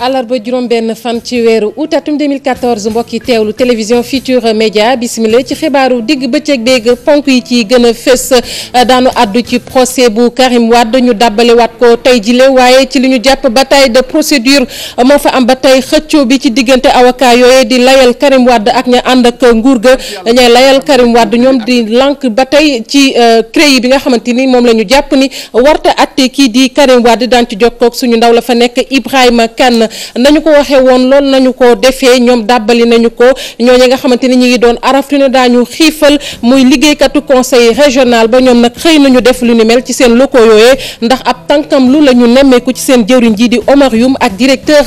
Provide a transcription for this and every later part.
ba juróom-benn fan ci weeru août atum 2014 mbokk yi teewlu télévision Futurs Médias bismillah ci xibaaru digg bëccëg beeg ponk yi ci gën a fës euh, daanu àddu ci procès bu Karim Wade ñu dàbbalewaat ko tey jile waaye ci li ñu jàpp bataille de procédure euh, moo fa am ba tey xëccoo bi ci diggante avocat yooyu di layal Karim Wade ak ña ànd ak nguur ga ñay layal Karim Wade ñoom di lank ba tey ci euh, CREI bi nga xamante ni moom la ñu jàpp ni warta atte kii di Karim Wade daan ci jokkoog suñu ndaw la fa nekk Ibrahima Kane nañu ko waxee woon loolu nañu ko defee ñoom dàbbali nañu ko ñooñu nga xamante ni ñu ngi doon araftu ne daañu xiifal muy liggéeykatu conseil régional ba ñoom nag xëy nañu def lu ni mel ci seen loko yooyee ndax ab tànkam lu la ñu nemmeeku ci seen jëwriñ ji di Omar Youm ak directeur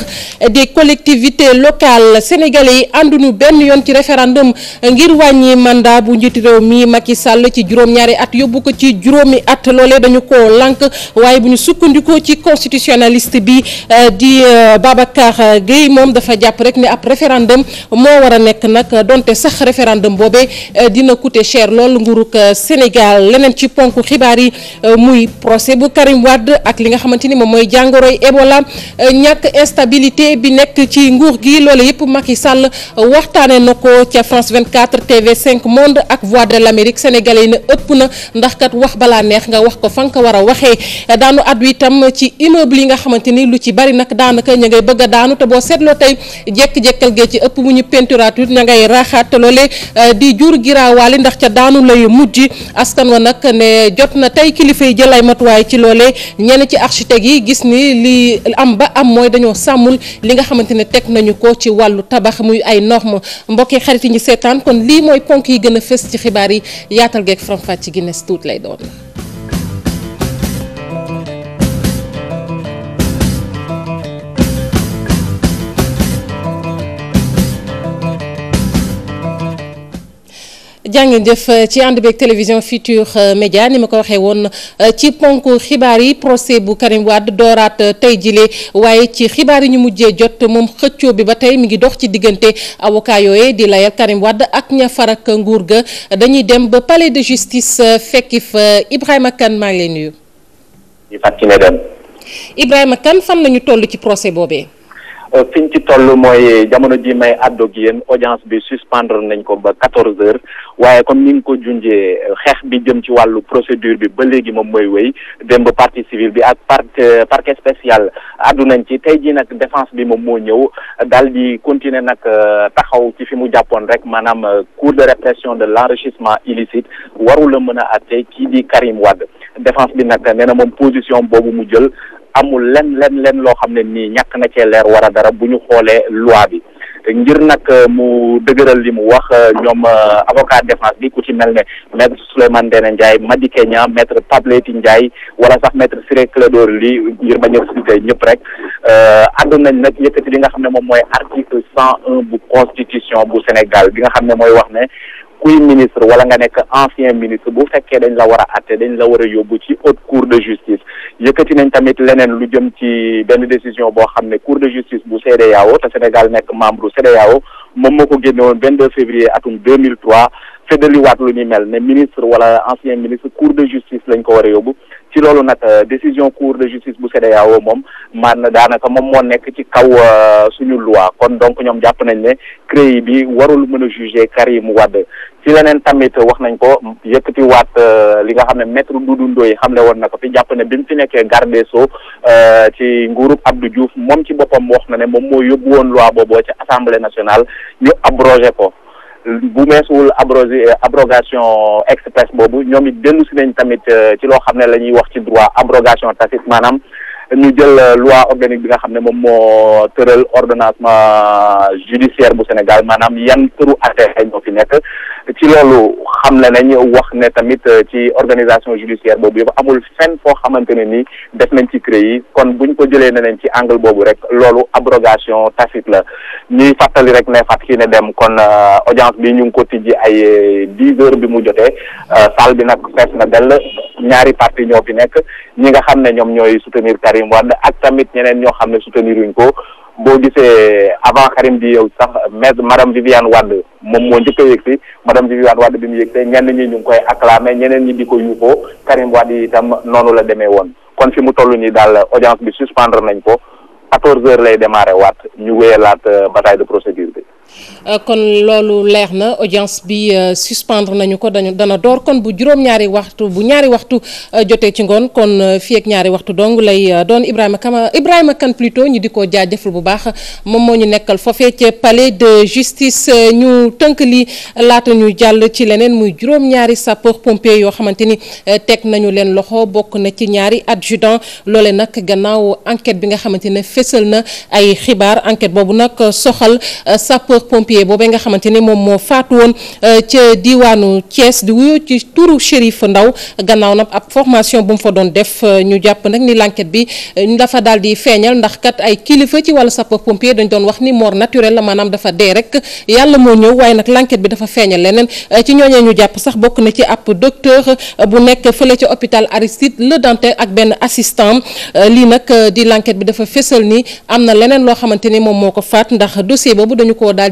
des collectivités locales sénégalais yi ànduñu benn yoon ci référendum ngir wàññi mandat bu njiitu réew mi Macky sàll ci juróom-ñaari at yóbbu ko ci juróomi at loolee dañu ko lànk waaye bu ñu sukkandikoo ci constitutionnaliste bi eh, eh, Babacar Gueye moom dafa jàpp rek ne ab référendum moo war a nekk nag donte sax référendum boobee euh, dina coûter cher lool nguurug euh, Sénégal leneen ci ponk xibaar yi euh, muy procès bu Karim Wade ak li nga xamante ni moom mooy jàngoroy Ebola ñàkk instabilité bi nekk ci nguur gi loolu yëpp yi Sall waxtaanee na ko ca France 24 TV 5 Monde ak Voix de l'Amérique sénégalais yi ne ëpp na ndax kat wax bala neex nga wax ko fa ko war a waxee daanu addu bëgg a daanu te boo seetloo tey jekk-jekkal gee ci ëpp mu ñu penturature ña ngay raaxaat te loolee euh, di jur giraawaali ndax ca daanu lay mujj askan wa nag ne jot na tey kilifa yi jël matuwaay ci loolee ñenn ci architecte yi gis ni lii am ba am mooy dañoo sàmmul li nga xamante ne teg nañu ko ci wàllu tabax muy ay norme mbokki xarit yi ñu seetaan kon lii mooy ponk yi gën a fës ci xibaar yi yaatal geek faram ci Guinness tuuti lay doon jàngeen def euh, ci ànd beeg télévision Futurs euh, Médias ni ma ko waxee woon euh, ci ponk xibaar yi procès bu Karim Wade dooraat tey jile waaye ci xibaar yi ñu mujjee jot moom xëccoo bi ba tey mi ngi dox ci diggante avocat yooye di layal Karim Wade ak ña farak nguur ga dañuy dem ba palais de justice fekki fa Ibrahima Kane maa ngi lay nuyu. Ibrahima Kane fan lañu toll ci procès boobee. Euh, fi ñu ci toll mooy jamono ji may àddoog yéen audience bi suspendre nañ ko ba quatorze heures waaye comme ni nga ko junjee euh, xeex bi jëm ci wàllu procédure bi ba léegi moom mooy wéy démb partie civile bi ak par euh, parquet spécial àddu nañ ci tey ji nag defence bi moom moo ñëw daal di continuer nag taxaw ci fi mu jàppoon rek maanaam cour de répression de l'enrichissement illicite warula mën a àtte kii di Karim Wade défense bi nag nee na moom position boobu mu jël amul len len len loo xam ne nii ñàkk na cee leer war dara bu ñu xoolee loi bi ngir nag euh, mu dëgëral li mu wax euh, ñoom euh, avocat défense bi ku ci mel ne maître Souleymane Ndéné Ndiaye madi Niang maître Pape Leyti Ndiaye wala sax maître Ciré Clédor li ngir bañ a cité ñëpp rek àddu nañ nag yëkkati li nga xam ne moom mooy article cent un bu constitution bu Sénégal bi nga xam ne mooy wax ne kuy ministre wala nga nekk ancien ministre bu fekkee dañ la war a atte dañ la war a yóbbu ci haute cour de justice yëkkati nañ tamit leneen lu jëm ci benn décision boo xam ne cour de justice bu CEDEAO te Sénégal nekk membre CEDEAO moom moo ko génne woon 22 février atum 2003 féddaliwaat lu ni mel ne ministre wala ancien ministre cour de justice lañ ko war a yóbbu ci loolu nag euh, décision cour de justice bu CEDEAO moom man daanaka moom moo nekk ci kaw euh, suñu loi kon donc ñoom jàpp nañ ne CREI bi warul mën a yi mu wàdd ci leneen tamit wax nañ ko yëkkati waat euh, li nga xam ne maître Doudou Ndoye xamle woon na ko fi jàpp ne bi mu fi nekkee garde des Sceaux ci nguurub Abdou Diouf moom ci boppam wax na ne moom moo yóbbu woon loi booboo ci assemblée nationale ñu abrogé ko bu meesuwul abrogé abrogation express boobu ñoom it dellu si nañ tamit euh, ci loo xam ne la ñuy wax ci droit abrogation tacite maanaam ñu jël euh, loi organique bi nga xam ne moom moo tëral ordonnancement judiciaire bu Sénégal maanaam yan këru atte ay ñoo fi nekk ci loolu xam ne nañ wax ne tamit euh, ci organisation judiciaire boobu yëpp amul fenn foo xamante ne ni def nañ ci CREI yi kon buñ ko jëlee ne nañ ci angle boobu rek loolu abrogation tacite la ñuy fàttali rek ne fat ki ne dem kon euh, audience bi ñu ngi ko tijj ay euh, dix heures bi mu jotee salle bi nag fees na dell ñaari parti ñoo fi nekk ñi nga xam ne ñoom ñooy soutenir Karim Wade ak tamit ñeneen ñoo xam ne soutenir yuñ ko boo gisee avant Karim di yow sax maître madame Viviane Wade moom moo njëkk a yëg si madame Viviane Wade bi mu yëg see ñenn ñi ñu ngi koy acclamé ñeneen ñi di ko yuuxoo Karim Wade itam noonu la demee woon kon fi mu toll nii daal audience bi suspendre nañ ko quatorze heures lay démarré waat ñu wéyalaat euh, bataille de procédure bi Euh, kon loolu leer na audience bi euh, suspendre nañu ko dañu dana door kon bu juróom-ñaari waxtu bu ñaari waxtu euh, jotee ci ngoon kon fii ak ñaari waxtu dong lay doon Ibrahima Kama Ibrahima Kane plutôt ñu di ko jaajëfal bu baax moom moo ñu nekkal foofee ca palais de justice ñu tënk li laata ñu jàll ci leneen muy juróom-ñaari sapeur pompier yoo xamante ni teg nañu leen loxo bokk na ci ñaari adjudant loole nag gannaaw enquête bi nga xamante ne fésal na ay xibaar enquête boobu nag pompier boobee nga xamante ni moom moo faatu woon euh, ca diwaanu Thiès di wuyoo ci turu Chérif Ndaw gannaaw nag ab formation bu mu fa doon def euh, ñu jàpp nag ni l'enquête bi euh, dafa daal di feeñal ndax kat ay kilifa ci wàllu sapeur pompier dañ doon wax ni mort naturelle la maanaam dafa dee rek yàlla moo ñëw waaye nag l'enquête bi dafa feeñal leneen ci ñooñee ñu jàpp sax bokk na ci ab docteur bu nekk fële ca hôpital Aristide Le Dantec ak benn assistant lii nag di l'enquête bi dafa fésal ni am na leneen loo xamante ni moom moo ko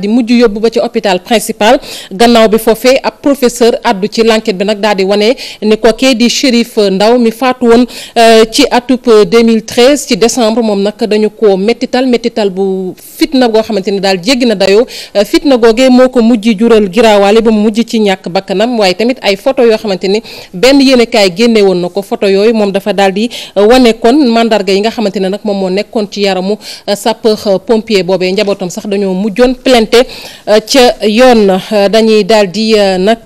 di mujj yóbbu ba ci hôpital principal gannaaw bi foofee ab professeur addu ci l'enquête bi nag daal di wane ni kookee di Chérif Ndaw mi faatu woon euh, ci atub 2013 ci décembre moom nag dañu ko méttital méttital bu fitna goo xamante ni daal jéggi na dayoo euh, fitna googee moo ko mujj jural giraawaale ba mu mujj ci ñàkk bakkanam waaye tamit ay photo yoo xamante ni benn yéenekaay génne woon na ko photo yooyu moom dafa daal di euh, wane kon mandarga yi nga xamante ne nag moom moo nekkoon ci yaramu sapeur pompier boobee njabootam sax teglante euh, ca yoon euh, dañuy daal di euh, nag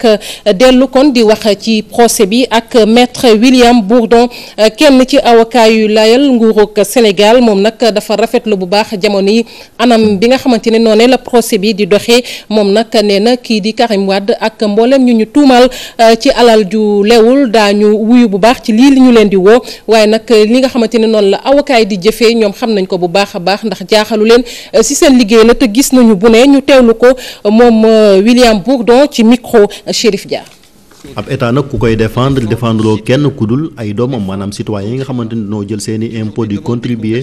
dellu kon di wax ci procès bi ak maître William Bourdon kenn ci avocat yu layal nguurug Sénégal moom nag dafa rafetlu bu baax jamono yi anam bi nga xamante ne noonee la procès bi di doxee moom nag ne na kii di Karim Wade ak mboolem ñu ñu tuumaal ci alal ju lewul daañu wuyu bu baax ci lii li ñu leen di woo waaye nag li nga xamante ne noonu la avocat di jëfee ñoom xam nañ ko bu baax a baax ndax jaaxalu leen si seen ñu teewlu ko euh, moom euh, William Bourdon ci micro euh, Chérif Dia. ab état nag ku koy defendre defendre kenn ku dul ay doomam maanaam citoyen yi nga xamante ni noo jël seen i impôt di contribuer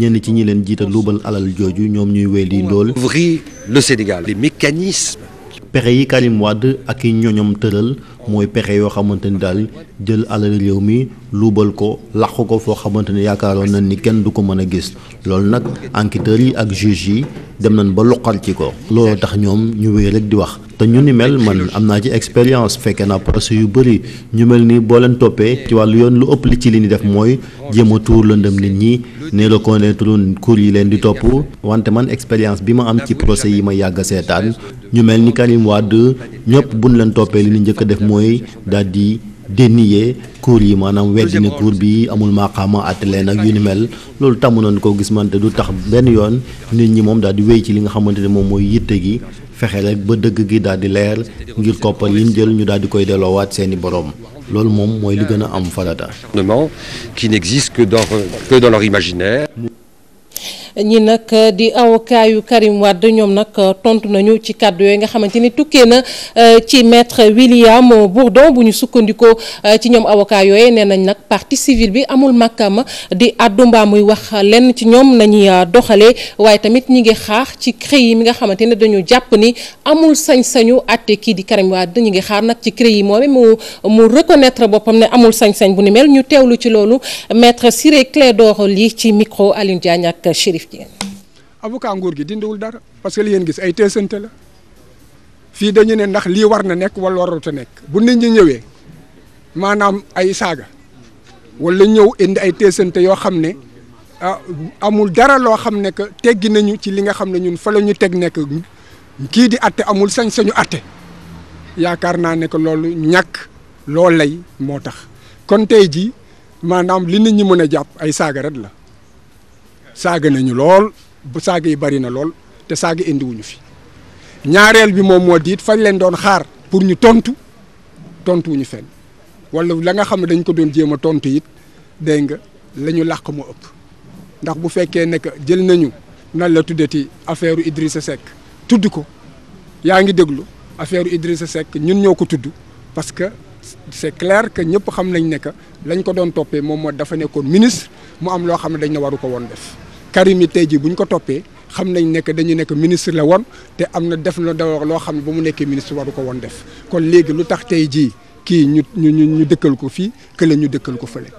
ñenn ci ñi leen jiita luubal alal jooju ñoom ñuy wéy di ndool. ouvrir le Sénégal. les mécanismes. pexe yi Karim Wade ak i ñoñom tëral. mooy pexe yoo xamante ni daal jël alal réew mi luubal ko làq ko foo xamante ne yaakaaroon nañ ni kenn du ko mën a gis loolu nag enquêteurs yi ak juges yi dem nañ ba loqal ko loolu tax ñoom ñu wéy rek di wax te ñu ni mel man am naa ci expérience fekkee na procès yu bëri ñu mel ni boo leen toppee ci wàllu yoon lu ëpp li ci li ñu def mooy jéem a tuur lëndëm nit ñi ne la connaître cour yi leen di topp wante man expérience bi ma am ci procès yi ma yàgg seetaan ñu mel ni Karim Wade ñëpp buñ leen toppee li ñu njëkk a def mooy daal di dénier cour yi maanaam weddi ne cour bi amul maqaama àtte leen ak yu ni mel loolu tàmm nañ koo gis man te du tax benn yoon nit ñi moom daal di ci li nga xamante ne moom mooy yitte gi fexe rek ba dëgg gi daal di leer ngir koppar yi ñu jël ñu daal di koy waat seeni boroom loolu moom mooy li gën a am farata. qui n'existe que dans que dans leur imaginaire. ñi nag eh, di avocat yu Karim Wade ñoom nag eh, tontu nañu ci kàddu yooyu nga xamante ni tukkee na eh, ci maître William Bourdon bu ñu sukkandikoo ci ñoom avocat yooyu nee nañ nag partie civile bi amul ma di àddu mbaa muy wax lenn ci ñoom nañuy doxale waaye tamit ñi ngi xaar ci CREI mi nga xamante ne dañu jàpp ni amul sañ-sañu àtte kii di Karim Wade ñi ngi xaar nag ci CREI moom mu mu reconnaître boppam ne amul sañ-sañ bu ni mel ñu teewlu ci loolu maître Ciré Clédor Ly ci micro Alioune Dieng. avocat nguur gi dindiwul dara parce que li ngeen gis ay teesante la fii dañu ne ndax lii war na nekk wala warut nekk bu nit ñi ñëwee maanaam ay saaga wala ñëw indi ay teesante yoo xam ne ah, amul dara loo xam ne que teggi nañu ci li nga xam ne ñun fa la ñu teg nekk kii di atte amul sañ-sañu atte yaakaar naa ne que loolu ñàkk loo lay moo tax kon tey ji maanaam li nit ñi mën a jàpp ay saaga rek la. saaga nañu lool bu saaga yi bari na lool te saaga indiwuñu fi ñaareel bi moom moo diit fañ leen doon xaar pour ñu tontu tontuwuñu fenn wala la nga xam ne dañ ko doon jéem a tontu it dégg nga la ñu làq moo ëpp ndax bu fekkee ne jël nañu nan la tuddee tuddati affaire Idrissa Seck tudd ko yaa ngi déglu affaire Idrissa Seck ñun ñoo ko tudd parce que c'est clair que ñëpp xam nañ ne que lañ ko doon toppee moom moo dafa nekkoon ministre mu am loo xam ne dañ ne waru ko woon def. Karim yi tey jii bu ñu ko toppee xam nañ nekk dañu nekk ministre la woon te am na def na dawar loo xam ne ba mu nekkee ministre waru ko woon def kon léegi lu tax tey jii kii ñu ñu ñu dëkkal ko fii kële ñu dëkkal ko fële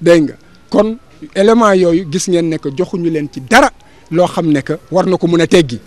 dégg nga kon élément yooyu gis ngeen ne joxuñu leen ci dara loo xam ne que war na ko mën a teggi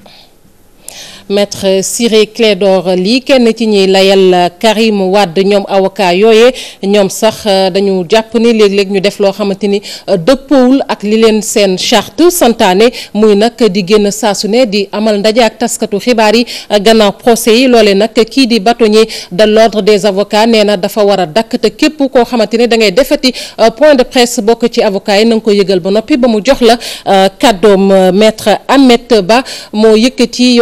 maître Ciré Clédor lii kenn ci ñiy layal mu Wade ñoom avocat yooye ñoom sax euh, dañu jàpp ni léeg-léeg ñu def loo xamante ni euh, dëppoowul ak li leen seen charte santaane muy nag di génn saasu ne di amal ndaje ak taskatu xibaar yi euh, gannaaw procès yi loole nag kii di bâtonnier de l'ordre des avocats nee na dafa war a dakk te képp koo xamante ni da ngay defati point de presse bokk ci avocat yi na nga ko yëgal ba noppi ba mu jox la kàddoom maître Ahmed Ba moo yëkkati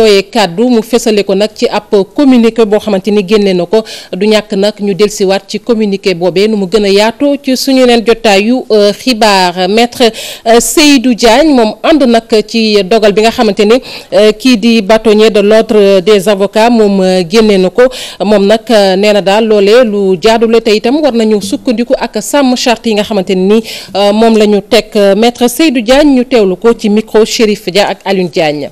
kàddu mu fësale ko nag ci ab communiqué boo xamante ni génne na ko du ñàkk nag ñu delsiwaat ci communiqué boobee nu mu gën a yaatu ci suñu leen jotaayu euh, xibaar maître euh, Seydou Diagne moom ànd nag ci dogal bi nga xamante ni euh, kii di bâtonnier de l'ordre des avocats moom génne na ko moom nag nee na daal loolee lu jaadule te itam war nañu sukkandiku ak sàmm charte yi nga xamante ni moom la ñu teg maître Seydou Diagne ñu teewlu ko ci micro Chérif Dia ak Alioune Diagne.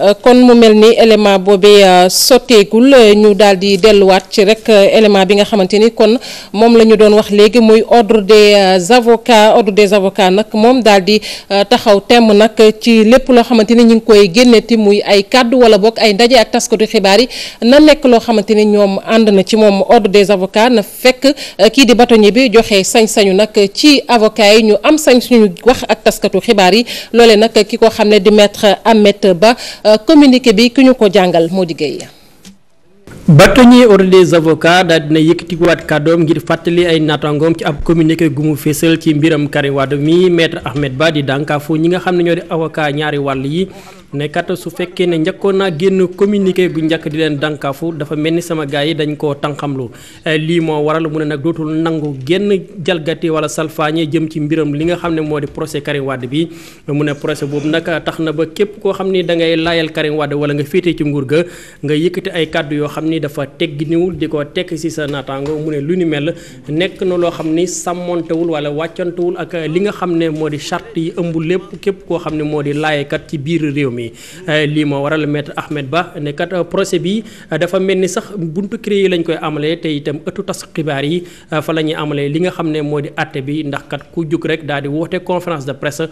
Euh, kon mu mel ni élément boobee euh, sotteegul euh, ñu daal di delluwaat ci rek élément bi nga xamante ni kon moom la ñu doon wax léegi muy ordre de avocats ordre des avocats nag moom daal di taxaw temm nag ci lépp loo xamante ni ñu ngi koy génneti muy ay kàddu wala boog ay ndaje ak taskatu xibaar yi na nekk loo xamante ni ñoom ànd na ci moom ordre de avocats na fekk kii di bâtonnier bi joxe sañ-sañu nag ci avocats yi ñu am sañ suñu wax ak taskatu xibaar yi loole nag ki Euh, communiqué bi ki ñu ko jàngal moo diggéey bâtonnier ordre des avocats daal dina yëkkatikuwaat kàddoom ngir fàttali ay naataangoom ci ab communiqué gu mu fésal ci mbiram Karim Wade mi maître Ahmed Ba di dànkaafu ñi nga xam ne ñoo di avocat ñaari wàll yi ne kat su fekkee ne njëkkoon naa génn communiqué bu njëkk di leen dànkaafu dafa mel ni sama gars yi dañ koo tànqamlu eh, lii moo waral mu ne nag dootul nangu génn jalgati wala salfaañe jëm ci mbiram li nga xam ne moo di procès Karim bi mu ne procès boobu nag tax na ba képp koo xam ni da ngay laayal Karim Wade wala nga féetee ci nguur ga nga yëkkati ay kàddu yoo xam ni dafa tegginiwul di ko tekk si sa naataango mu ne lu ni mel nekk na loo xam ni sàmmoontewul wala wàccantewul ak li nga xam ne moo di charte yi ëmb lépp képp koo xam ne moo di laayekat ci biir réew mi eh, lii moo waral maître Ahmed Ba ne kat eh, procès bi eh, dafa mel ni sax buntu yi lañ koy amalee te itam ëttu tas xibaar yi fa la ñuy amalee li nga xam ne moo di àtte bi ndax kat ku jug rek daal di woote conférence de presse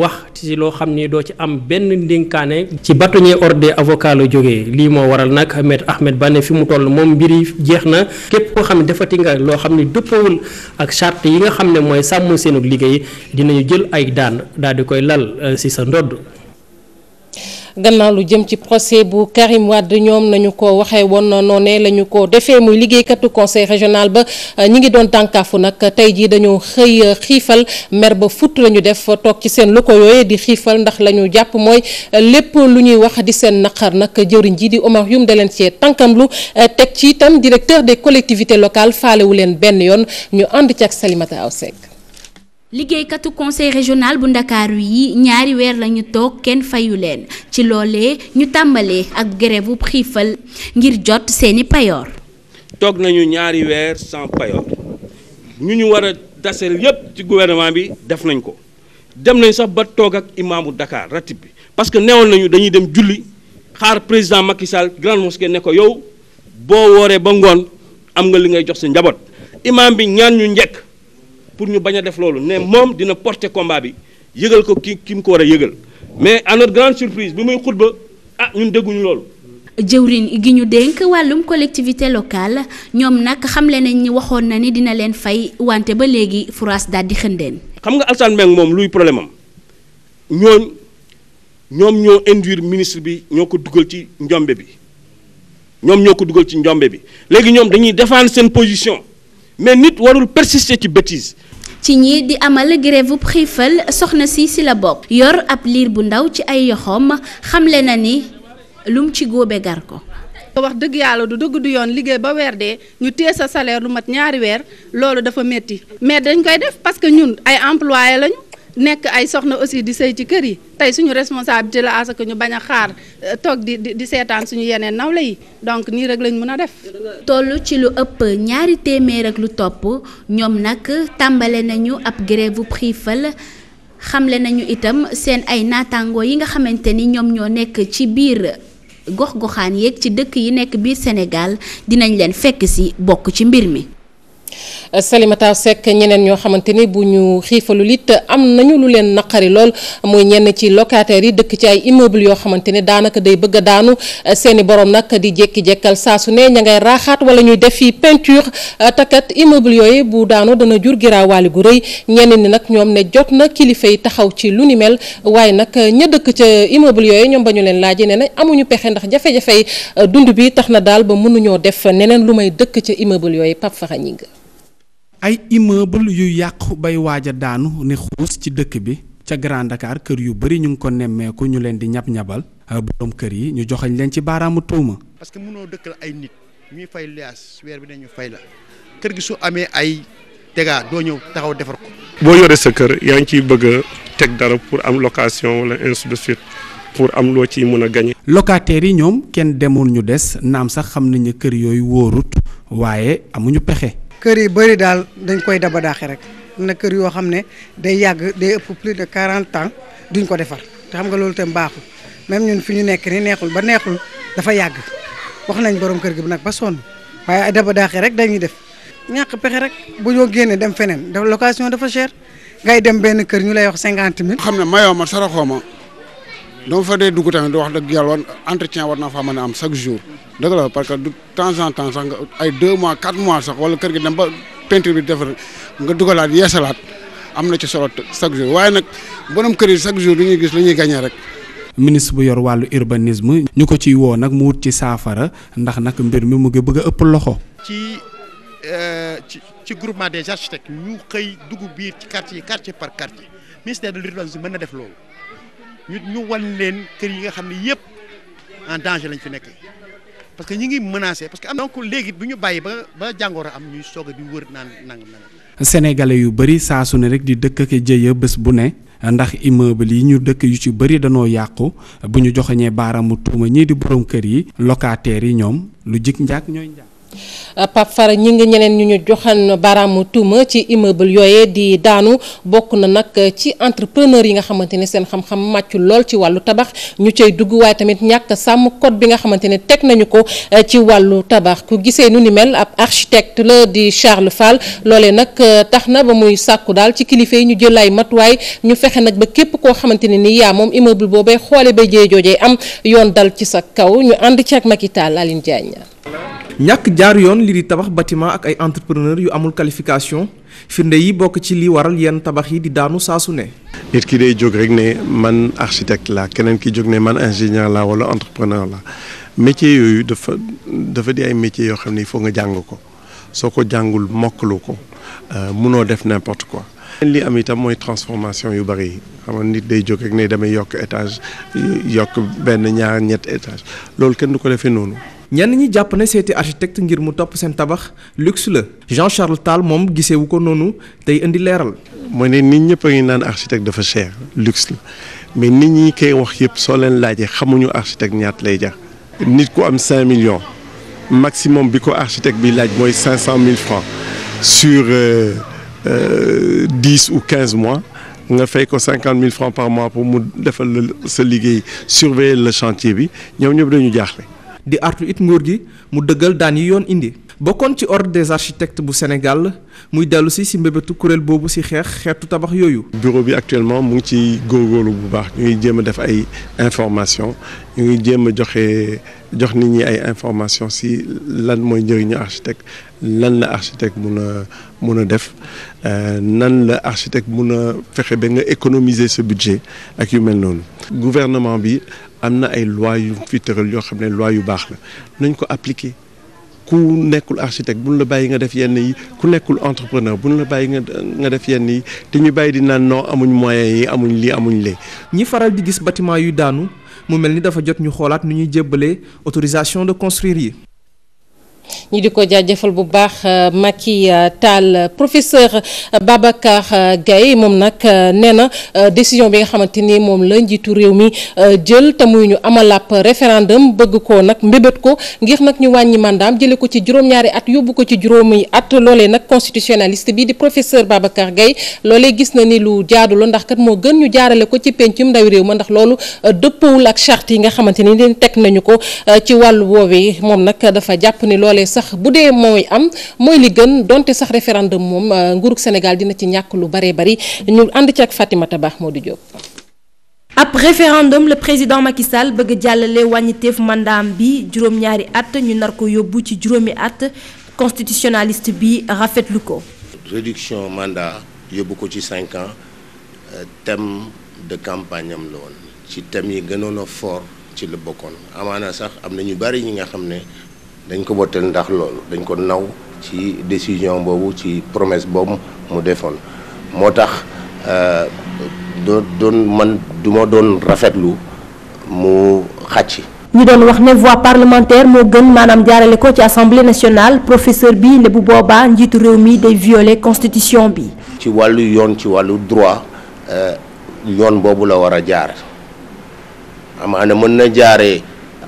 wax ci loo xam ni doo ci am benn ndénkaane ci bâtonnier ordre des avocats la lii moo waral nag maître Ahmed Ba ne fi mu toll moom mbir yi jeex na képp koo xam ne defati nga loo xam ne dëppawul ak charte yi nga xam ne mooy sàmm seenu liggéey dinañu jël ay daan daal di koy lal ci sa ndodd gannaaw lu jëm ci procès bu Karim Wade ñoom nañu ko waxee woon noonee la ñu ko defee muy liggéeykatu conseil régional ba ñi ngi doon tànkaafu nag tey jii dañu xëy xiifal mer ba fut la ñu def toog ci seen loko yooye di xiifal ndax lañu jàpp mooy lépp lu ñuy wax di seen naqar nag jëwriñ ji di Omar Youm da leen cee tànkam lu teg ci itam directeur des collectivités locales faalewu leen benn yoon ñu ànd ci ak Salimata Aw Seck liggéeykatu conseil régional bu ndakaaru yi ñaari weer lañu toog kenn fayu leen ci loolee ñu tàmbalee ak grève xiifal ngir jot seeni payoor toog nañu ñaari weer sans payoor ñu ñu war a daseel yépp ci gouvernement bi def nañ ko dem nañ sax ba toog ak imaamu Dakar ratib bi parce que neewoon nañu dañuy dem julli xaar président Macky Sall grande mosquée ne ko yow boo wooree ba ngoon am nga li ngay jox sa njaboot imaam bi ñaan ñu njëkk pour ñu bañ a def loolu ne moom dina porter combat bi yëgal ko ki ki mu ko war a yëgal mais à notre grande surprise bi muy xutba ah ñun dégguñu loolu. jëwrin gi ñu dénk wàllum collectivité locale ñoom nag xam nañ ni waxoon na ni dina leen fay wante ba léegi France daal di xëndeen. xam nga Alassane Mbengue moom luy problème am ñooñ ñoom ñoo induire ministre bi ñoo ko dugal ci njombe bi ñoom ñoo ko dugal ci njombe bi léegi ñoom dañuy défendre seen position. mais nit warul persister ci bêtise. ci ñi di amal grève xiifal soxna si si la bokk. yor ab liir bu ndaw ci ay yoxoom xamle na ni lum ci góobe gar ko. wax dëgg yàlla du dëgg du yoon liggéey ba weer dee ñu téye sa salaire lu mat ñaari weer loolu dafa métti mais dañ koy def parce que ñun ay employé lañu. nekk ay soxna aussi di sëy ci kër yi tey suñu responsabilité la à ce ñu bañ a xaar euh, toog di seetaan suñu yeneen nawle yi donc nii rek lañ mën a def. toll ci lu ëpp ñaari téeméer ak lu topp ñoom nag tàmbale nañu ab grève bu xiifal xamle nañu itam seen ay naataangoo yi nga xamante ni ñoom ñoo nekk ci biir gox-goxaan yeeg ci dëkk yi nekk biir Sénégal dinañ leen fekk si bokk ci mbir mi. Salimata Seck ñeneen ñoo xamante ni bu ñu xiifalul it am nañu lu leen naqari lool mooy ñenn ci locataires yi dëkk ci ay immeuble yoo xamante ni daanaka day bëgg a daanu seen i borom nag di jékki saa su ne ña ngay raaxaat wala ñuy def fi peinture takat immeuble yooyu bu daanoo dana jur giraawaali gu rëy ñenn ni nag ñoom ne jot na kilifa yi taxaw ci lu ni mel waaye nag ña dëkk ca immeuble yooyu ñoom ba ñu leen laajee nee na amuñu pexe ndax jafe-jafe dund bi tax na daal ba mënuñoo def neneen lu may dëkk ca immeuble yooyu Pape Faxa ñi ay immeuble yu yàqu bay waaj a daanu ne xuus ci dëkk bi ca Grand kër yu bëri ñu ngi ko nemmeeku ñu leen di ñab-ñabal euh, borom kër yi ñu joxañ leen ci baaraamu tuuma. parce que mënoo dëkkal ay nit ñuy fay liaas weer bi dañu fay la kër gi su amee ay dégâts doo ñëw taxaw defar ko. boo yoree sa kër yaa ngi ciy bëgg a teg dara pour am location wala ainsi de suite pour am loo ci mën a gagné. locataires yi ñoom kenn demul ñu des naam sax xam nañu kër yooyu wóorut waaye amuñu pexe. kër yi bëri daal dañ koy daba daaxe rek am na kër yoo xam ne day yàgg day ëpp plus de 40 ans duñ ko defar te xam nga loolu te baaxul même ñun fi ñu nekk ni neexul ba neexul dafa yàgg wax nañ borom kër gi nag ba sonn waaye ay daba daaxe rek dañuy def ñàkk pexe rek bu ñoo génnee dem feneen def location dafa cher ngay dem benn kër ñu lay wax 50 000. xam ne mayoo ma saraxoo ma dama fa dee dugg tamit wax dëgg yàlla war entretien war naa faa mën a am chaque jour dëgg la parce que de temps en temps sax nga ay deux mois quatre mois sax wala kër gi dem ba peinture bi defar nga dugalaat yeesalaat am na ci solo chaque jour waaye nag borom kër yi chaque jour du ñuy gis lu ñuy gagné rek. ministre bu yor wàllu urbanisme ñu ko ci woo nag mu wut ci saafara ndax nag mbir mi mu ngi bëgg a ëpp loxo. ci euh, ci ci groupement des architectes ñu xëy dugg biir ci quartier quartier par quartier ministère de l'urbanisme mën na def loolu. ñu ñu wan leen kër yi nga xam ne yëpp en danger lañ ci nekk parce que ñi ngi menacé parce que am donc léegi bu ñu bàyyi ba ba jàngoro am ñuy soog a di wër naan nangam nangam. sénégalais yu bëri saa su ne rek di dëkk ak jëya bés bu ne ndax immeuble yi ñu dëkk yu ci bëri danoo yàqu bu ñu joxeñee baaraamu tuuma ñii di borom kër yi locataires yi ñoom lu jik njaak ñooy njaak Pape Fara ñi ngi ñeneen ñu ñu joxan baaraamu tuuma ci immeuble yooyee di daanu bokk na nag ci entrepreneur yi nga xamante ne seen xam-xam màccul lool ci wàllu tabax ñu cay dugg waaye tamit ñàkk sàmm code bi nga xamante ne teg nañu ko eh, ci wàllu tabax ku gisee nu ni mel ab architecte la di Charles Fall loolee nag eh, tax na ba muy sàkku daal ci kilifa yi ñu jël ay matuwaay ñu fexe nag ba képp koo xamante ne ni yaa moom immeuble boobee xoole ba jee joojee am yoon dal ci sa kaw ñu ànd ci ak Macky Tall Aline Diagne ñàkk jaar yoon lii di tabax bâtiment ak ay entrepreneur yu amul qualification firnde yi bokk ci li waral yenn tabax yi di daanu saasu ne. nit ki day jóg rek ne man architecte la keneen ki jóg ne man ingénieur la wala entrepreneur la métier dafa dafa di ay métiers yoo xam ne il nga jàng ko soo ko jàngul mokkalu ko euh, munoo def n'importe quoi. li am itam mooy transformation yu bëri yi xam nga nit day jóg rek ne damay yokk étage yokk benn ñaar ñett étage loolu kenn du ko defee noonu. ñenn ñi jàpp na seeti architecte ngir mu topp seen tabax luxe la Jean Charles Tall moom gisewu ko noonu tey indi leeral. mooy ne nit ñëpp a ngi naan architecte dafa chair luxe la mais nit ñi koy wax yëpp soo leen laajee xamuñu architecte ñaat lay jar. nit ku am million millions maximum bi ko architecte bi laaj mooy 500 000 francs sur euh, euh, 10 ou 15 mois. nga fay ko cinquante mille francs par mois pour mu defal la sa liggéey surveiller le chantier bi ñoom ñëpp dañu jaaxle di artu it nguur gi mu dëggal daan yi yoon indi bokkoon ci ordre des architectes bu Sénégal muy dellu si si mbébétu kuréel boobu si xeex xeetu tabax yooyu. bureau bi actuellement mu ngi ci góorgóorlu bu baax ñu ngi jéem a def ay information ñu ngi jéem a joxe jox nit ñi ay information si lan mooy njëriñu architecte lan la architecte mun a mun a def euh, nan la architecte mun a fexe ba nga économiser ce budget ak yu mel noonu. gouvernement bi. am na ay loi yu fi tëral yoo xam ne loi yu baax la nañ ko appliquer ku nekkul architecte buñ la bàyyi nga def yenn yi ku nekkul entrepreneur bu buñ la bàyyi nga def yenn yi te ñu bàyyi di naan non amuñ moyen yi amuñ lii amuñ lee. ñi faral di gis bâtiment yu daanu mu mel ni dafa jot ñu xoolaat nu ñuy jébbalee autorisation de construire yi. ñi di ko jaajëfal bu baax euh, Macky euh, Tall euh, professeur Babacar Gaye moom nag nee na décision bi nga xamante ni moom la njiitu réew mi jël te muy ñu amal ab référendum bëgg ko nag mbébét ko ngir nag ñu wàññi mandaam jële ko ci juróom-ñaari at yóbbu ko ci juróomi at loolee nag constitutionnaliste bi di professeur Babacar Gaye loolee gis na ni lu jaadu la ndax kat moo gën ñu jaarale ko ci pencum ndaw réew ma ndax loolu dëppawul ak charte yi nga xamante ni teg nañu ko ci wàllu loolee sax bu dee mooy am mooy li gën donte sax référendum moom euh, nguurug Sénégal dina ci ñàkk lu baree bari ñu ànd ci ak Fatimata Bah Modou Diop. ab référendum la président Macky Sall bëgg jàllale wàññiteef mandaam bi juróom-ñaari at ñu nar ko yóbbu ci juróomi at constitutionnaliste bi rafetlu ko. réduction mandat yóbbu ko ci cinq ans euh, thème de campagne am la ci thème yi gënoon a ci la bokkoon amaana sax am na ñu bari ñi nga xam ne. dañ ko wooteel ndax loolu dañ ko naw ci décision boobu ci promesse boobu mu defoon moo tax euh, doo doon man du ma doon rafetlu mu xàcc. ñu doon wax ne voie parlementaire moo gën maanaam jaarale ko ci assemblée nationale professeur bi ne bu boobaa njiitu réew mi day violer constitution bi. ci wàllu yoon ci wàllu droit euh, yoon boobu la war a jaar amaana mën na jaaree.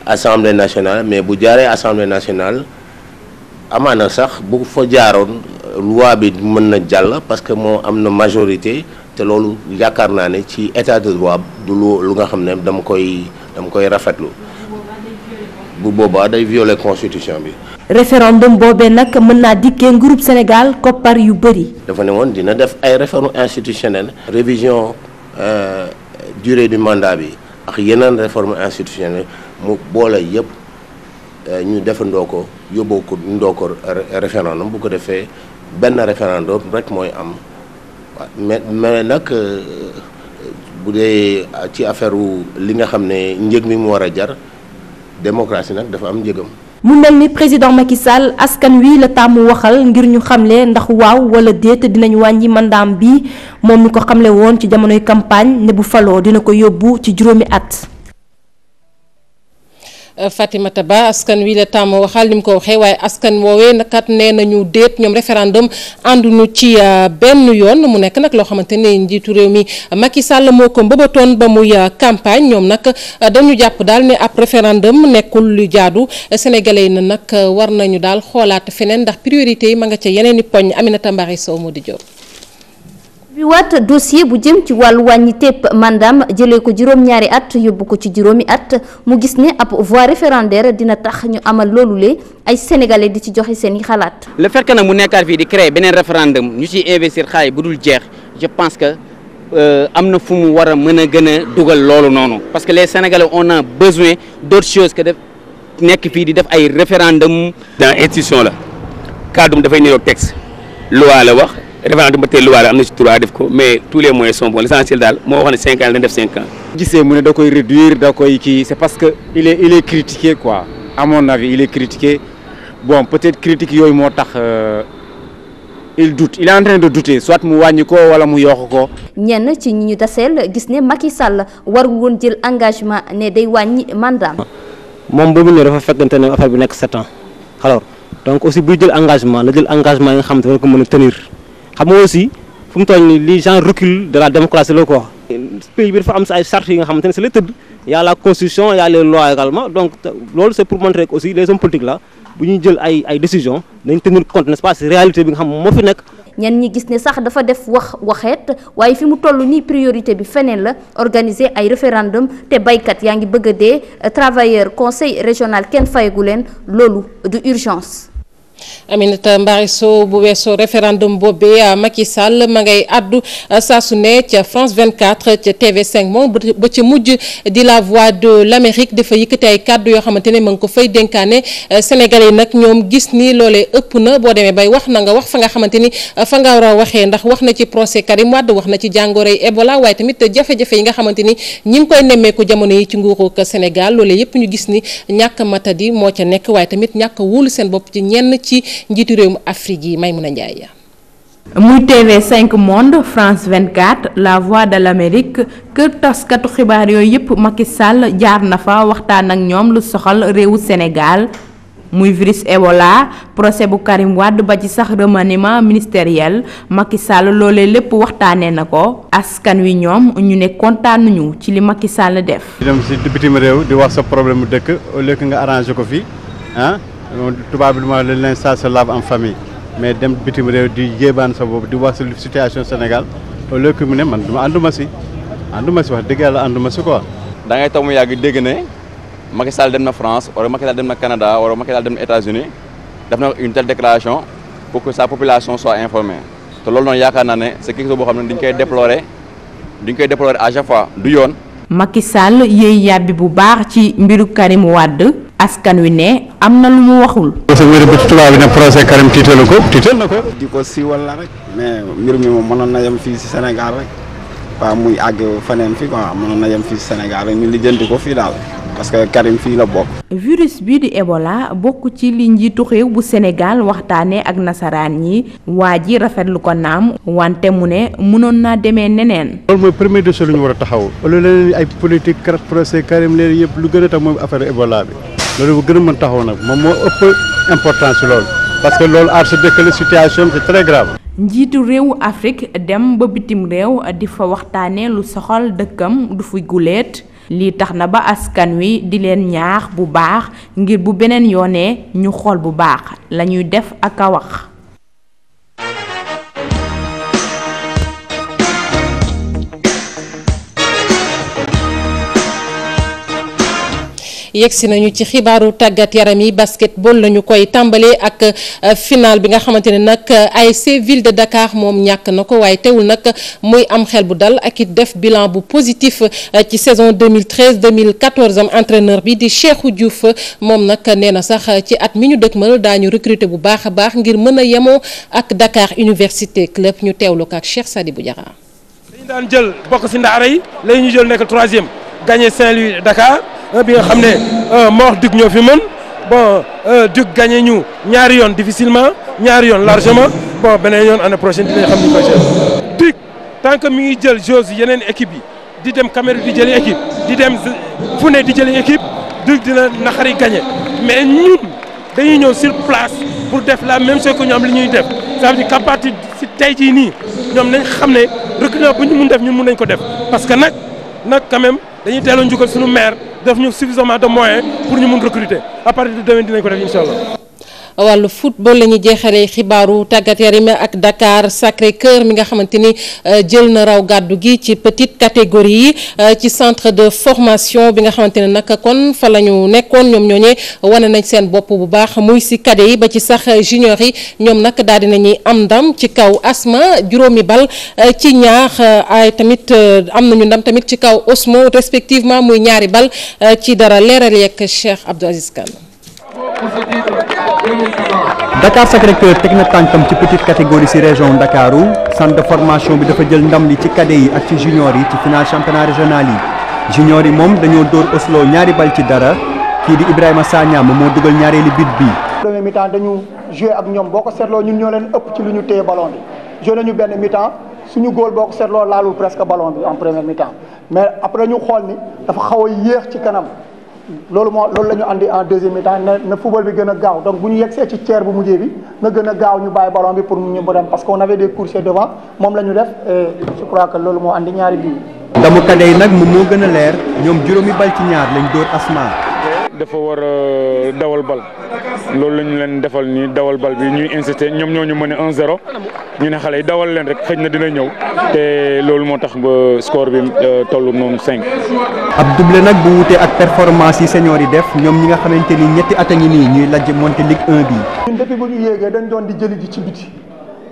assemblée nationale mais bu jaaree assemblée nationale amaana sax bu fa jaaroon loi bi mën na jàll parce que moo am na majorité te loolu yaakaar naa ne ci état de droit du lu nga xam ne dama koy dama koy rafetlu bu boobaa day violer constitution bi. référendum boobee nag mën naa dikkee nguurub Sénégal koppar yu bëri. dafa ne woon dina def ay réformes institutionnelles. révision euh, durée du mandat bi ak yeneen réformes institutionnelles. mu boole yëpp eh, ñu defandoo ko yóbboo ko ndoo ko référendum bu ko defee benn référendum rek mooy am waaw mais mais nag euh, bu dee ah, ci affaire wu li nga xam ne njëg mi mu war a jar démocratie nag dafa am njëgam. mu mel ni président Macky Sall askan wi la tàmm waxal ngir ñu xamle ndax waaw wala déet dinañu wàññi mandaam bi moom mi ko xamle woon ci jamonoy campagne ne bu faloo dina ko yóbbu ci juróomi at. Euh, Fatimata Ba askan wi la tàmm waxal ni mu ko waxee waaye askan woowee nakat nee nañu déet ñoom référendum ànduñu ci euh, benn yoon mu nekk nag loo xamante ni njiitu réew mi Macky Sall moo ko mbëbatoon ba muy euh, campagne ñoom nag dañu jàpp daal ne ab référendum nekkul lu jaadu sénégalais yi na nag war nañu daal xoolaat feneen ndax priorité yi ma nga ca yeneen i poñ na Mbaye Sow moo di Diop waat dossier bu jëm ci wàllu wàññi tepp mandam jëlee ko juróom-ñaari at yóbbu ko ci juróomi at mu gis ne ab voie référendaire dina tax ñu amal loolu le ay di ci joxe seen xalaat. le fait nag mu nekkaat fii di créer beneen référendum ñu ciy investir xaalis bu dul jeex je pense que euh, am na fu mu war a mën a gën a dugal loolu noonu parce que les sénégalais on a besoin d'autres choses que def nekk fii di def ay référendum. dans institution la kàddu dafay niroog texte loi wax. référendum ba tey luwaale am na ci droit def ko mais tous les moyens sont bons l'essentiel daal moo wax ne cinq ans dañ def cinq ans. gisee mu ne da koy réduire da koy kii c'est parce que il est il est critiqué quoi à il est critiqué bon peut-être critique yooyu moo tax euh, il doute il est en train de douter soit mu wàññi ko wala mu yokk ko. ñenn ci ñi ñu taseel gis ne Macky Sall war woon jël engagement ne day wàññi mandaam. moom boobu ne dafa fekkante ne affaire bi nekk sept ans alors donc aussi buy jël engagement la jël engagement yi nga xam ne war ko mën a tenir. xam nga aussi fu mu toll nii li genre de la démocratie la quoi. pays bi dafa am sa ay yi nga xamante ne si la tëdd y a la constitution y a les lois également donc loolu c'est pour montrer que aussi les hommes politiques là bu ñuy jël ay ay décisions nañ compte n'est-ce réalité bi nga xam moo fi nekk. ñenn ñi gis ne sax dafa def wax waxeet waaye fi mu toll nii priorité bi feneen la organiser ay référendum te baykat yaa ngi bëgg a dee travailleur conseil régional kenn fayagu leen loolu du Aminata Mbaye soo bu weesoo référendum boobee ah, Macky Sall ma ngay addu ah, saa su ne ca France 24 ca TV5 moom ba ca mujj di la voix de l'Amérique dafa yëkkati ay kàddu yoo xamante ne ma ngi ko fay dénkaane ah, Sénégalais nag ñoom gis ni loolee ëpp na boo demee bay wax na nga wax fa nga xamante ni fa nga war a waxee ndax wax na ci procès Karim Wade wax na ci jàngoroy Ebola waaye tamit jafe-jafe yi nga xamante ni ñi ngi koy nemmeeku jamono yi ci nguuru Sénégal loolee yëpp ñu gis ni ñàkk matadi moo ca nekk waaye tamit ñàkk seen bopp ci ñenn ci njiitu réewum Afrique yi Maimouna Ndiaye muy TV 5 Monde France vingt 24 La Voix de l'Amérique kër taskatu xibaar yooyu yëpp Macky Sall jaar na fa waxtaan ak ñoom lu soxal réewu Sénégal muy virus Ebola procès bu Karim wadd ba ci sax remaniement ministériel Macky Sall loolee lépp waxtaanee na ko askan wi ñoom ñu ne kontaanuñu ci li Macky Sall def. di bitim réew di wax sa problème mu dëkk au lieu nga arrangé ko fii ah. tubaab bi ma lañ leen ça se lave en famille mais dem bitim réew di jéebaan sa boobu di wax sa situation Sénégal au lieu que mu ne man duma ànduma si ànduma si wax dëgg yàlla ànduma si quoi. da ngay toog mu yàgg dégg ne Macky Sall dem na France wala Macky Sall dem na Canada wala Macky Sall dem na États-Unis def na une telle déclaration pour que sa population soit informée te lool noonu yaakaar naa ne c'est quelque chose boo xam ne dañ koy déplorer dañ koy déplorer à chaque fois du yoon. Macky Sall yéey yàbbi bu baax ci mbiru Karim Wade. askan wi ne am na lu mu waxul. parce que mbir bi tubaab bi ne procès Karim tiitalu ko tiital na ko. di ko siiwal la rek mais mbir mi moom mënoon na yem fii si Sénégal rek waaw muy àgg faneen fi quoi mënoon na yem fii si Sénégal rek ñu lijjanti ko fii daal parce que Karim fii la bokk. virus bii di Ebola bokk ci li njiitu réew bu Sénégal waxtaanee ak nasaraan yi waa ji rafetlu ko naam wante mu ne mënoon naa demee neneen. loolu mooy premier dossier lu ñu war a taxaw. wala leneen ay politique procès Karim léegi yëpp lu gën a tax mooy affaire bi. loolu bu gën a mën taxaw nag moom moo ëpp importance si loolu parce que loolu aar sa dëkk la situation c'est njiitu réewu Afrique dem ba bitim réew di fa waxtaanee lu soxal dëkkam du fi guléet lii tax na ba askan wi di leen ñaax bu baax ngir bu beneen yoonee ñu xool bu baax lañuy def ak a wax. yegsi nañu ci xibaaru tàggat yaram yi basketball lañu koy tàmbalee ak euh, final bi nga xamante ne nag euh, ASC ville de Dakar moom ñàkk na ko waaye teewul nag muy am xel bu dal ak it def bilan bu positif euh, ci saison 2013 2014 am entraîneur bi di Cheikhou Diouf moom nag nee na sax ci at mi ñu dëkkmal daañu recruter bu baax a baax ngir mën a yemoo ak Dakar Université Club ñu teewlu ko ak Cheikh Sadibou Diarra. dañu gagné Saint-Louis Dakar bi nga xam ne euh, Mor Duc ñoo fi mën bon euh, Duc gagné ñu ñaari yoon difficilement ñaari yoon largement bon beneen yoon année prochaine dinañ xam ni ko jël. tant que mi ngi jël jose yeneen équipe yi di dem Cameroun di jëli équipe di dem fu ne di jëli équipe Duc dina naxari gagné mais ñun dañuy ñëw sur place pour def la même chose que ñoom li ñuy def ça veut dire qu'à partir si tey jii nii ñoom nañ xam ne recrutement bu ñu mun def ñun mun nañ ko def parce que nag nag quand dañuy teeloon njukkal suñu maire def ñu suffisamment de moyens pour ñu mun recruter à partir de demain dinañ ko def incha wàllu football la ñu jeexalee xibaaru tàggat yaram ak dakaar Sacré Cœur mi nga xamante ni euh, jël na raw gàddu gi ci petite catégorie yi euh, ci centre de formation bi nga xamante ne nag kon fa la ñu nekkoon ñoom ñooñee wane nañ seen bopp bu baax muy si cadet yi ba ci sax junior yi ñoom nag daal di nañuy am ndam ci kaw asma juróomi bal euh, ci ñaax ay tamit am nañu ndam tamit ci kaw osmo respectivement muy ñaari bal ci dara leeral yeeg Cheikh Abdou Aziz Kane Dakar Sacré-Cœur teg na tànkam ci petite catégorie ci région Ndakaaru centre de formation bi dafa jël ndam li ci cadets yi ak ci junior yi ci final championnat régional yi junior yi moom dañoo dóor Oslo ñaari bal ci dara kii di Ibrahima Sagnam moo dugal ñaareelu but bi. premier mi-temps dañu joué ak ñoom boo ko seetloo ñun ñoo leen ëpp ci lu ñu téye ballon bi joué nañu benn mi-temps suñu góor boo ko seetloo laalu presque ballon bi en premier mi-temps mais après ñu xool ni dafa xaw a ci kanam. loolu moo loolu la ñu andi en deuxième temps na na football bi gën a gaaw donc bu ñu yegsee ci tiers bu mujjee bi na gën a gaaw ñu bàyyi ballon bi pour ñu mu dem parce que on avait des courses devant moom la ñu def et je crois que loolu moo andi ñaari bi ndamu Tadey nag moom moo gën a leer ñoom juróomi bal ci ñaar lañ dóor asmaa. dafa war dawal bal. loolu la leen defal nii dawal bal bi ñuy insister ñoom ñoo ñu mën a 1-0 ñu ne xale yi dawal leen rek xëj na dina ñëw te loolu moo tax ba score bi euh, tollu noonu 5. ab doublé nag bu wutee ak performance yi senior yi def ñoom ñi nga xamante ni ñetti at a ngi nii ñuy lajj monté Ligue 1 bi. ñun depuis bu yéegee dañ doon di jëli ji ci biti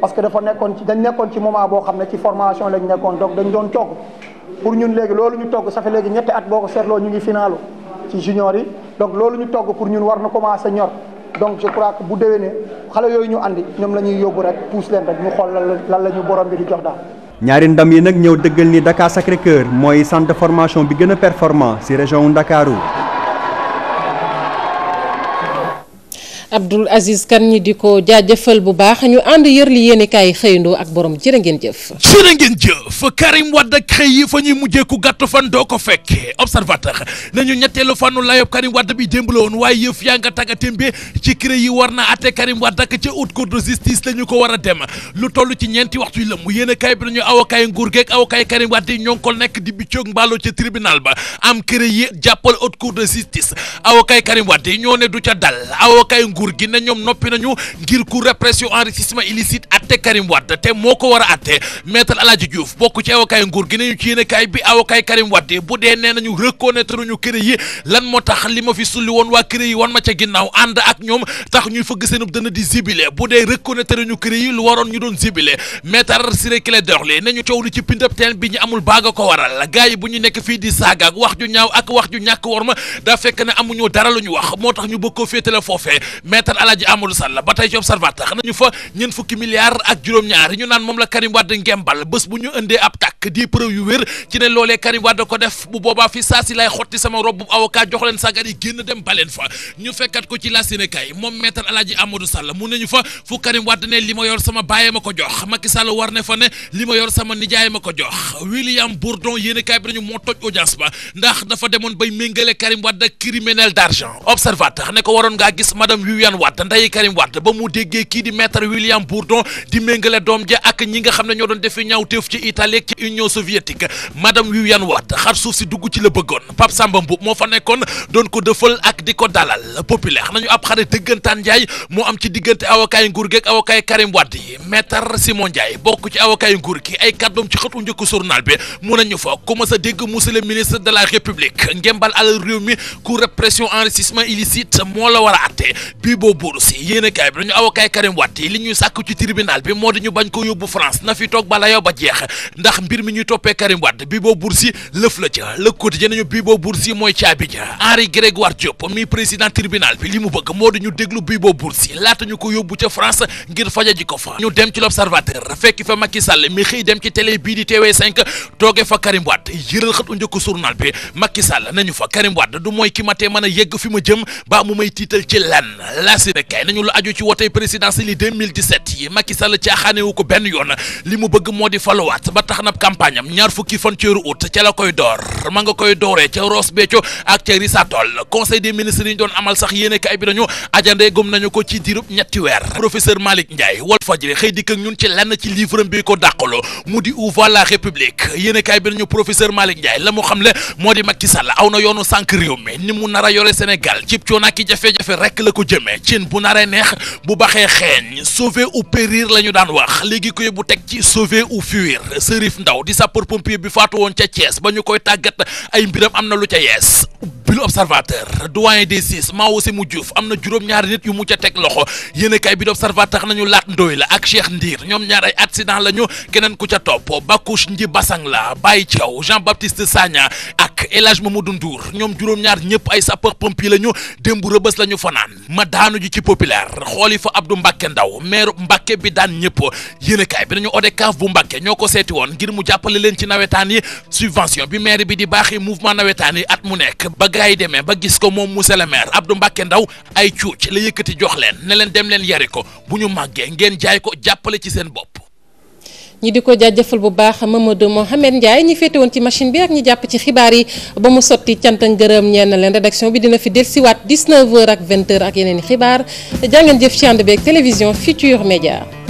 parce que dafa nekkoon ci dañ nekkoon ci moment boo xam ne ci formation lañ nekkoon donc dañ doon togg pour ñun léegi ñu togg ça léegi ñetti at boo ko seetloo ñu ngi finaalu ci junior yi donc loolu ñu togg pour ñun war na commencer ñor. donc je crois que bu xale yooyu ñu andi ñoom la ñuy yóbbu rek pousse leen rek ñu xool lan la ñu borom bi di jox daal. ñaari ndam yi nag ñëw dëggal ni Dakar Sacré-Cœur mooy sant de bi gën a performant ci région Ndakaaru Abdoul Aziz Kane ñi di ko jaajëfal bu baax ñu ànd yër li yéen i kaay xëyandoo ak borom jërë ngeen jëf. jërë ngeen jëf Karim Wade ak xëy yi fa ñuy mujjee ku fan doo ko fekk observateur nañu ñetteelu fanu layob Karim Wade bi démb la woon waaye yëf yaa nga tàggatim bi ci CREI yi war na àtte Karim Wade ak ca haute cour de justice la ko war a dem lu toll ci ñeenti waxtu yi lëmm yéen a kaay bi nañu awakaay nguur geeg awakaay Karim Wade yi ñoo ba am CREI yi jàppal haute cour de justice awakaay Karim ne du cour gi ne ñoom noppi nañu ngir cour répression enrichissement illicite atte Karim Wade te moo ko war a atte maître El Hadji Diouf bokk ci awakaay nguur gi nañu ci yéene kaay bi awakaay Karim Wade bu dee nee nañu reconnaître ñu kër yi lan moo tax li ma fi sulli woon waa kër yi wan ma ca ginnaaw ànd ak ñoom tax ñuy fëgg seenub dana di zibile bu dee reconnaître ñu kër yi lu waroon ñu doon zibile maître Ciré Clédor Ly nañu coow li ci pindab teen bi ñu amul baaga ko waral gars yi bu ñu nekk fii di saaga ak wax ju ñaaw ak wax ju ñàkk war ma daa fekk ne amuñu dara lu ñu wax moo tax ñu bëgg ko féetale maître Alaaji Amadou Sall ba tey ci observateur xanaa ñu fa ñeent fukki milliards ak juróom-ñaar ñu naan moom la Karim Wade ngembal bés bu ñu indee ab tàkk di preuve yu wér ci ne loolee Karim Wade ko def bu boobaa fi saa si lay xotti sama rob bu jox leen sagar yi génn dem baleen fa ñu fekkat ko ci la Sénégal moom maître Alaaji Amadou Sall mu ne ñu fa fu Karim Wade ne li yor sama bàyyee ko jox Macky Sall war ne fa ne li yor sama nijaay Viviane Wade nday Karim Wade ba mu déggee kii di maître William Bourdon di méngale doom ja ak ñi nga xam ne ñoo doon defi ñaawteef ci Italie ci Union soviétique madame Viviane Wade xar suuf si dugg ci la bëggoon Pape Samba Mboup moo fa nekkoon doon ko dëfal ak di ko dalal populaire nañu ab xare dëggantaan Ndiaye moo am ci diggante awakaay nguur gi ak awakaay Karim Wade yi maître Simon Ndiaye bokk ci awakaay nguur gi ay kàddoom ci xëtu njëkk journal bi mun nañu fa ku mas a dégg monsieur le ministre moo la war Bibo Bourgi yéen a kaay bi dañu avocat Karim Wade yi li ñuy sàkk ci tribunal bi moo di ñu bañ ko yóbbu France na fi toog bala yow ba jeex ndax mbir mi ñuy toppee Karim Wade Bibo Bourgi lëf la ca Le Quotidien nañu Bibo Bourgi mooy caabi ja Henri Grégoire Diop mi président tribunal bi li mu bëgg moo di ñu déglu Bibo Bourgi laata ñu ko yóbbu ca France ngir faja ko fa ñu dem ci L'Observateur fekk fa Macky Sall mi xëy dem ci télé bii di TV5 ma ba may tiital ci lenn la si nekkaay nañu lu aju ci wotey présidentielle yi 2017 yi Macky Sall caaxaanewu ko benn yoon li mu bëgg moo di faluwaat ba tax na campagne ñaar fukki fan ci ca la koy door ma nga koy dooree ca Ross Béthio ak ca richard conseil des ministres yi doon amal sax yéene bi nañu ajandee gum nañu ko ci diirub ñetti weer professeur Malick Ndiaye Walf Fadjri xëy dikk ak ñun ci lenn ci livre bi ko dàqalo mu di où va la république yéene kaay bi nañu professeur Malick yoonu sànq réew mi ni mu a yore mais cin bu naree neex bu baxee xeeñ sauver ou périr la ñu daan wax léegi koy bu teg ci sauver ou fuir Serif Ndaw di sapeur pompier bi faatu woon ca Thiès ba ñu koy tàggat ay mbiram am na lu ca yees bil observateur doyen des six Maodo mu Diouf am na juróom-ñaari nit yu mu ca teg loxo yéenekaay bi di observateur nañu laat ndoy la ak Cheikh Ndiir ñoom ñaar ay accident la ñu keneen ku ca topp Bakouche Nji Basang la Baye Thiaw Jean Baptiste Sagna ak ak El Hadj Mamadou ñoom juróom-ñaar ñëpp ay sapeur pompier la ñu démb rëbës la ñu fanaan ma daanu ji ci populaire xooli fa Abdou mbakke Ndaw maire Mbacke bi daan ñëpp yéenekaay bi nañu ODCAV bu Mbacke ñoo ko seeti woon ngir mu jàppale leen ci nawetaan yi subvention bi maire bi di baaxee mouvement nawetaan yi at mu nekk ba gars yi ba gis ko moom mu le maire Abdou mbakke Ndaw ay cuuc la yëkkati jox leen ne leen dem leen yari ko bu ñu màggee ngeen jaay ko jàppale ci seen bopp ñi di ko jaajëfal bu baax Mamadou Mohamed Ndiaye ñi féete woon ci machine bi ak ñi jàpp ci xibaar yi ba mu sotti canta ak ngërëm ñeen leen rédaction bi dina fi dellusiwaat 19h ak 20 ak yeneen i xibaar jàngeen jëf ci ànd beeg télévision Futurs Médias